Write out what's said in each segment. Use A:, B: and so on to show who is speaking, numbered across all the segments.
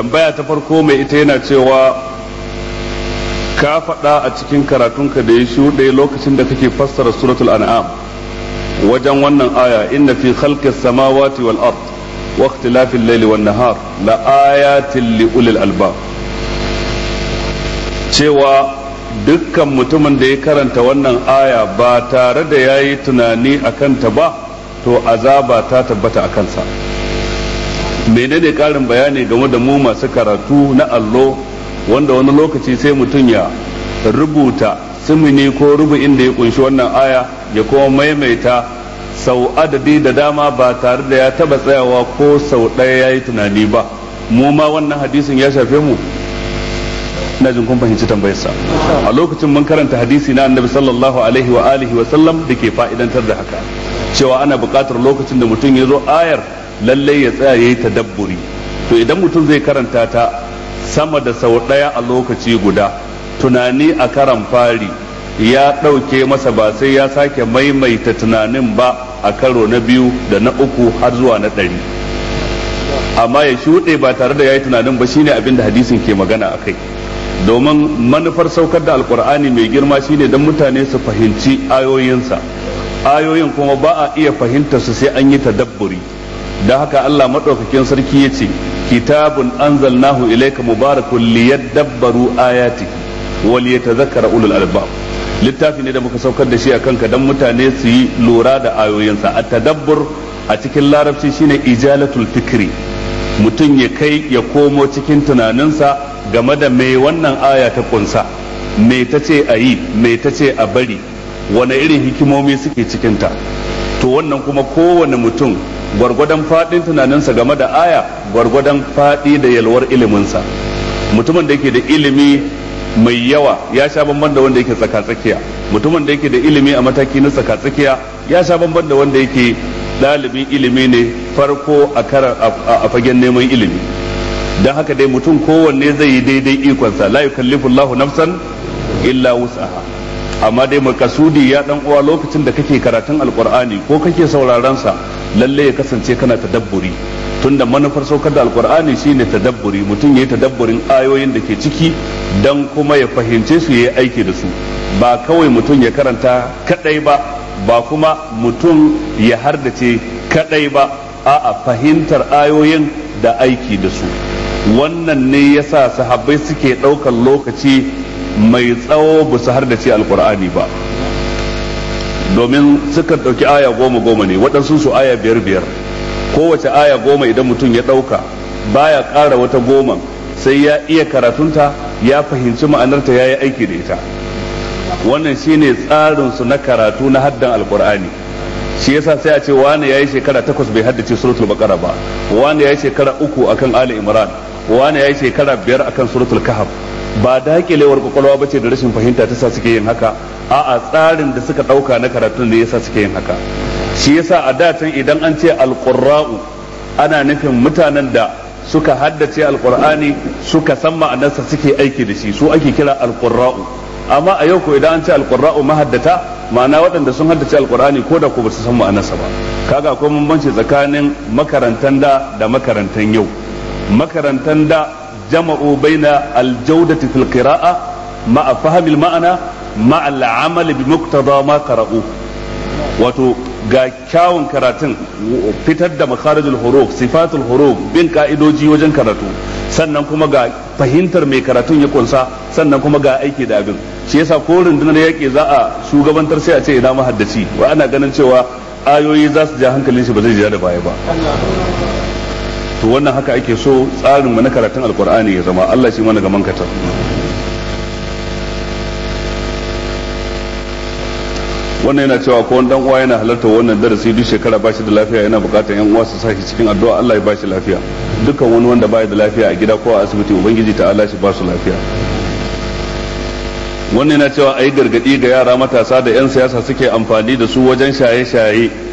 A: tambaya ta farko mai ita yana cewa ka faɗa a cikin karatunka da ya shuɗe lokacin da kake fassara suratul an'am wajen wannan aya inna fi khalqis samawati wal ard wa ikhtilafil layli wan nahar la ayatin li ulil albab cewa dukkan mutumin da ya karanta wannan aya ba tare da yayi tunani akan ta ba to azaba ta tabbata a kansa. menene karin bayani game da mu masu karatu na allo wanda wani lokaci sai mutum ya rubuta simini ko rubu inda ya kunshi wannan aya ya kuma maimaita sau adadi da dama ba tare da ya taba tsayawa ko sau ɗaya ya yi tunani ba mu ma wannan hadisin ya shafe mu na jin kun fahimci tambayarsa a lokacin mun karanta hadisi na annabi sallallahu alaihi wa alihi wa sallam da ke fa'idantar da haka cewa ana buƙatar lokacin da mutum ya zo ayar lallai ya tsaya ya yi tadabburi to idan mutum zai karanta ta sama da sau ɗaya a lokaci guda tunani a karan fari ya ɗauke masa ba sai ya sake maimaita tunanin ba a karo na biyu da na uku har zuwa na ɗari amma ya shuɗe ba tare da ya yi tunanin ba shine abin da hadisin ke magana a kai domin manufar saukar da alkur'ani mai girma shine don mutane su fahimci ayoyinsa ayoyin kuma ba a iya fahimta su sai an yi tadabburi da haka Allah madaukakin sarki yace kitabun anzalnahu ilayka mubarakun liyadabbaru ayati wal liyatadhakkara ulul albab littafi ne da muka saukar da shi a kanka dan mutane su yi lura da ayoyinsa a tadabbur a cikin larabci shine ijalatul fikri mutum ya kai ya komo cikin tunaninsa game da me wannan aya ta kunsa me ta ce a yi me ta ce a bari wane irin hikimomi suke cikinta to wannan kuma kowane mutum gwargwadon faɗin tunaninsa game da aya gwargwadon faɗi da yalwar iliminsa mutumin da yake da ilimi mai yawa ya sha bamban da wanda yake tsakiya. mutumin da yake da ilimi a mataki na tsaka tsakiya ya sha bamban da wanda yake ɗalibin ilimi ne farko a fagen neman ilimi don haka dai mutum kowanne zai yi daidai ikonsa la yukallifu Allahu nafsan illa wus'aha amma dai makasudi ya dan uwa lokacin da kake karatun alkur'ani ko kake sauraron sa lalle ya kasance kana tadabburi tunda manufar saukar da alkur'ani shine tadabburi mutum yayi tadabburin ayoyin da ke ciki dan kuma ya fahimce su yayi aiki da su ba kawai mutum ya karanta kadai ba ba kuma mutum ya hardace kadai ba a'a fahimtar ayoyin da aiki da su wannan ne yasa sahabbai suke ɗaukar lokaci mai tsawo ba su har da ce alkur'ani ba domin suka ɗauki aya goma goma ne waɗansu su aya biyar biyar kowace aya goma idan mutum ya ɗauka baya ƙara wata goma sai ya iya karatunta ya fahimci ma'anarta ya yi aiki da ita wannan shine tsarinsu na karatu na haddan alkur'ani shi yasa sai a ce wani yi shekara takwas bai haddace suratul bakara ba wani yi shekara uku akan ali imran wani yi shekara biyar akan suratul kahf ba daƙilewar kwakwalwa ba ce da rashin fahimta ta sa suke yin haka a'a tsarin da suka ɗauka na karatun ne yasa suke yin haka shi yasa a da can idan an ce alƙurra'u ana nufin mutanen da suka haddace alƙur'ani suka san ma'anarsa suke aiki da shi su ake kira alƙurra'u. amma a yau ko idan an ce alƙurra'u mahaddata ma'ana waɗanda sun haddace alƙur'ani ko da ko ba su san ma'anarsa ba kaga akwai bambanci tsakanin makarantan da da makarantan yau makarantan da jama'u baina al-jawdati fil qira'a ma'a fahmil ma'ana ma'a al-amal bi muqtada ma qara'u wato ga kyawun karatun fitar da makharijul huruf sifatul huruf bin ka'idoji wajen karatu sannan kuma ga fahimtar mai karatun ya kunsa sannan kuma ga aiki da abin shi yasa ko rundunar yaƙi za a shugabantar sai a ce ina mahaddaci wa ana ganin cewa ayoyi za su ja hankalin shi ba zai jira da baya ba to wannan haka ake so tsarin mu na karatun alkur'ani ya zama Allah shi mana gaman katar wannan yana cewa ko dan uwa yana halarta wannan darasi duk shekara ba shi da lafiya yana bukatar yan uwa su sa shi cikin addu'a Allah ya ba shi lafiya dukkan wani wanda baya da lafiya a gida ko a asibiti ubangiji ta Allah shi ba su lafiya wannan yana cewa a yi gargadi ga yara matasa da yan siyasa suke amfani da su wajen shaye-shaye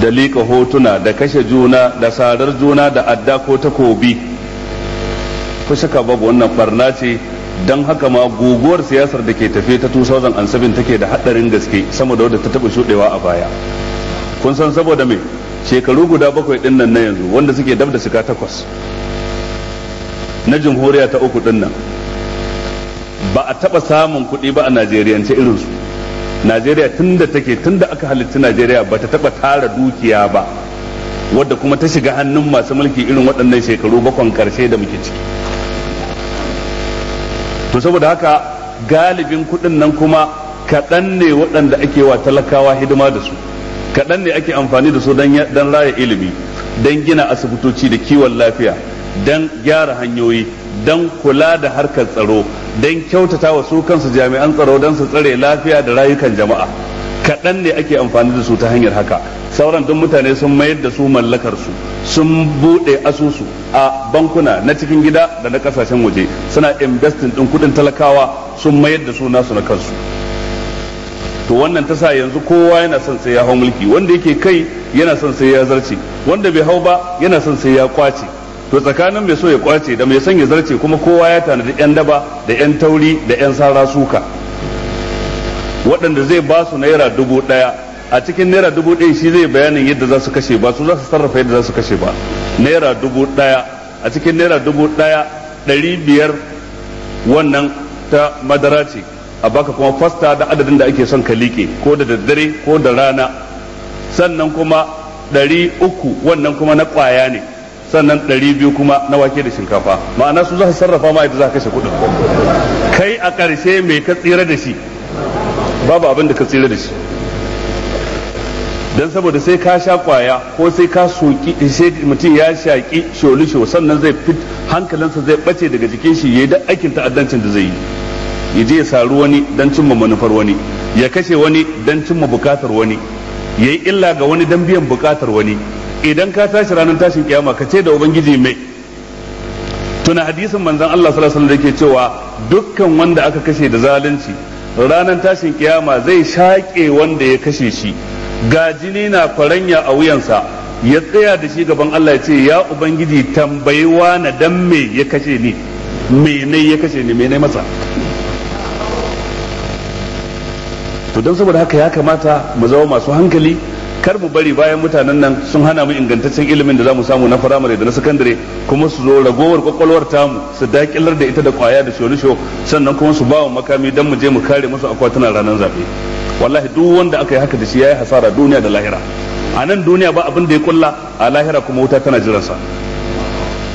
A: da liƙa hotuna da kashe juna da sadar juna da adda ko takobi ku shaka babu wannan barna ce don haka ma guguwar siyasar da ke tafe ta 2007 take da haɗarin gaske sama da wadda ta taɓa shuɗewa a baya kun san saboda me shekaru guda bakwai ɗin na yanzu wanda suke dab da shiga takwas na jamhuriya ta uku ɗin ba a taɓa samun kuɗi ba a najeriyance irinsu najeriya tun da take tun da aka halitta najeriya ba ta taba tara dukiya ba wadda kuma ta shiga hannun masu mulki irin waɗannan shekaru bakon karshe da muke ciki to saboda haka galibin kuɗin nan kuma kaɗan ne waɗanda ake wa talakawa hidima da su kaɗan ne ake amfani da su don raya ilimi don gina asibitoci da kiwon lafiya don gyara hanyoyi don kula da harkar tsaro don kyautata wa su kansu jami'an tsaro don su tsare lafiya da rayukan jama'a kaɗan ne ake amfani da su ta hanyar haka sauran duk mutane sun mayar da su mallakarsu sun buɗe asusu a bankuna na cikin gida da na ƙasashen waje suna investing ɗin kuɗin talakawa sun mayar da su nasu na kansu to wannan ta sa yanzu kowa yana son sai ya hau mulki wanda yake kai yana son sai ya zarce wanda bai hau ba yana son sai ya kwace to tsakanin mai so ya kwace da mai son ya zarce kuma kowa ya tanadi yan daba da yan tauri da yan sara suka waɗanda zai ba su naira dubu ɗaya a cikin naira dubu ɗaya shi zai bayanin yadda za su kashe ba su za su sarrafa yadda za su kashe ba naira dubu ɗaya a cikin naira dubu ɗaya ɗari biyar wannan ta madara ce a baka kuma fasta da adadin da ake son ka liƙe ko da daddare ko da rana sannan kuma ɗari uku wannan kuma na ƙwaya ne sannan ɗari biyu kuma na wake da shinkafa ma'ana su za su sarrafa ma za ka kashe kuɗin kai a ƙarshe mai ka tsira da shi babu abin da ka tsira da shi don saboda sai ka sha kwaya ko sai ka soki sai mutum ya shaƙi sholisho sannan zai fit hankalinsa zai ɓace daga jikin shi ya yi duk aikin ta'addancin da zai yi ya je ya saru wani don cimma manufar wani ya kashe wani don cimma bukatar wani ya yi illa ga wani don biyan bukatar wani idan ka tashi ranar tashin kiyama ka ce da ubangiji mai tuna hadisin manzon Allah sallallahu alaihi wasallam yake cewa dukkan wanda aka kashe da zalunci ranar tashin kiyama zai shaƙe wanda ya kashe shi ga jini na kwaranya a wuyansa ya tsaya da shi gaban Allah ya ce ya ubangiji tambayi na dan me ya kashe ni me ne ya kashe ni me ne masa to don saboda haka ya kamata mu zama masu hankali kar mu bari bayan mutanen nan sun hana mu ingantaccen ilimin da za mu samu na firamare da na sakandare kuma su zo ragowar kwakwalwar tamu su dakilar da ita da kwaya da sholisho sannan kuma su bawa makami don mu je mu kare musu akwatunan ranar zafi. wallahi duk wanda aka yi haka da shi ya yi hasara duniya da lahira a nan duniya ba abin da ya kulla a lahira kuma wuta tana jiransa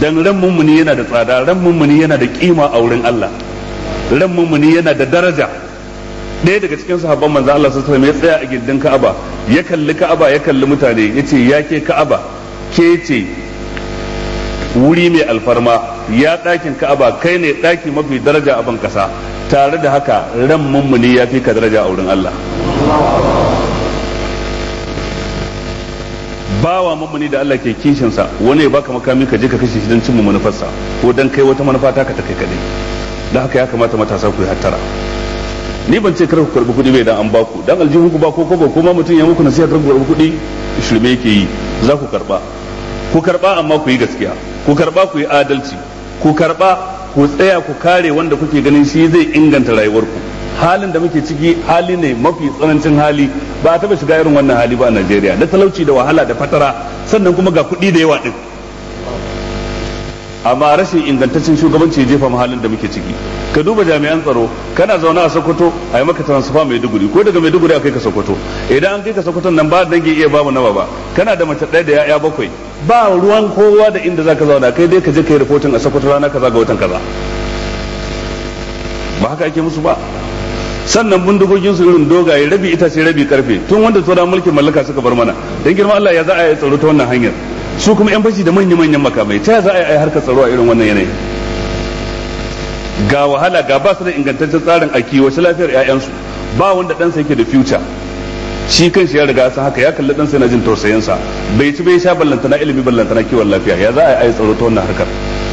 A: dan ran mummuni yana da tsada ran mummuni yana da kima a wurin Allah ran mummuni yana da daraja ɗaya daga cikin sahabban manzo Allah sallallahu alaihi wasallam ya tsaya a gindin Ka'aba ya kalli Ka'aba ya kalli mutane yace ya ke Ka'aba ke ce wuri mai alfarma ya ɗakin Ka'aba kai ne ɗaki mafi daraja a ban kasa tare da haka ran mummuni ya fi ka daraja a wurin Allah bawa mummuni da Allah ke kishin sa wani ya baka makami ka je ka kashe shi don cimma manufarsa ko dan kai wata manufa ta ka ta kai kadai da haka ya kamata matasa ku yi hattara ni ban ce kar ku karbi kuɗi bai dan an baku dan aljihu ku ba ko kobo kuma mutum ya muku nasiha kar ku karbi kuɗi shirme yake yi za ku karba ku karba amma ku yi gaskiya ku karba ku yi adalci ku karba ku tsaya ku kare wanda kuke ganin shi zai inganta rayuwarku halin da muke ciki hali ne mafi tsanancin hali ba a taba shiga irin wannan hali ba a Najeriya da talauci da wahala da fatara sannan kuma ga kuɗi da yawa din amma rashin ingantaccen shugabanci jefa mahalin da muke ciki ka duba jami'an tsaro kana zaune a sokoto a yi maka transfer mai duguri ko daga mai duguri a ka sokoto idan an kai ka sokoton nan ba dangi iya babu nawa ba kana da mace ɗaya da ya'ya bakwai ba ruwan kowa da inda zaka zauna kai dai ka je kai reporting a sokoto rana kaza ga watan kaza ba haka ake musu ba sannan bindigogin su irin dogaye rabi itace rabi karfe tun wanda tsoron mulkin mallaka suka bar mana dan girman Allah ya za a yi tsaro ta wannan hanyar su kuma yan bashi da manya-manyan makamai ta za a yi harkar tsaro a irin wannan yanayi ga wahala ga ba su da ingantaccen tsarin a kiwace lafiyar 'ya'yansu ba wanda ɗansa yake da future shi kan shi ya riga sun haka ya kalli ɗansa yana jin tausayinsa bai ci bai sha ballantana ilimi ballantana kiwon lafiya ya za a yi tsaro ta wannan harkar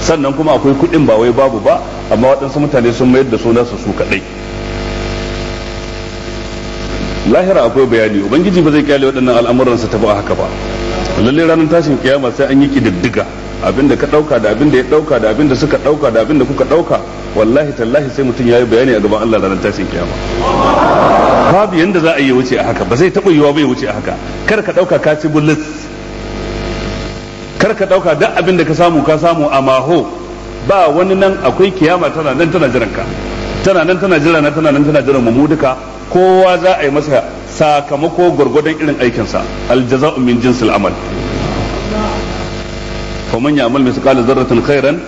A: sannan kuma akwai kuɗin ba wai babu ba amma waɗansu mutane sun mayar da suna su su kaɗai lahira akwai bayani ubangiji ba zai kyale waɗannan al'amuransa ta ba haka ba lalle ranar tashin kiyama sai an yi kididdiga abinda ka dauka da abinda ya dauka da abinda suka dauka da abinda kuka dauka wallahi tallahi sai mutum yayi bayani a gaban Allah ranar tashin kiyama babu yanda za a yi wuce a haka ba zai taba yiwa ya wuce a haka kar ka dauka ka ci bulus kar ka dauka duk abinda ka samu ka samu a maho ba wani nan akwai kiyama tana nan tana jiran ka tana nan tana jira na tana nan tana jiran mu duka kowa za a yi masa sakamako gwargwadon irin aikinsa aljaza'u min jinsil amal fa man ya'mal mithqala dharratin khairan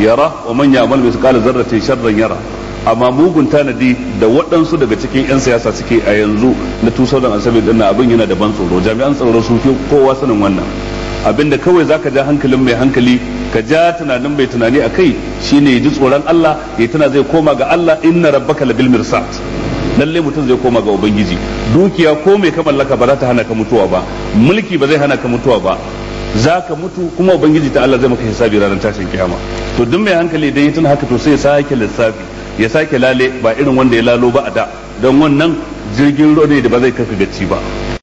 A: yara wa man ya'mal mithqala dharratin sharran yara amma mugun tanadi da waɗansu daga cikin 'yan siyasa suke a yanzu na asabi din abin yana da ban tsoro jami'an tsaro sun fi kowa sanin wannan abinda kawai zaka ja hankalin mai hankali ka ja tunanin mai tunani a kai shine ya ji tsoron Allah ya tana zai koma ga Allah inna rabbaka labil mirsat lalle mutum zai koma ga ubangiji dukiya ko mai ka mallaka ba za ta hana ka mutuwa ba mulki ba zai hana ka mutuwa ba za ka mutu kuma ubangiji ta Allah zai maka hisabi ranar tashin kiyama to duk mai hankali dai ya haka to sai ya sake lissafi ya sake lale ba irin wanda ya lalo ba a da don wannan jirgin ruwa ne da ba zai kaka gaci ba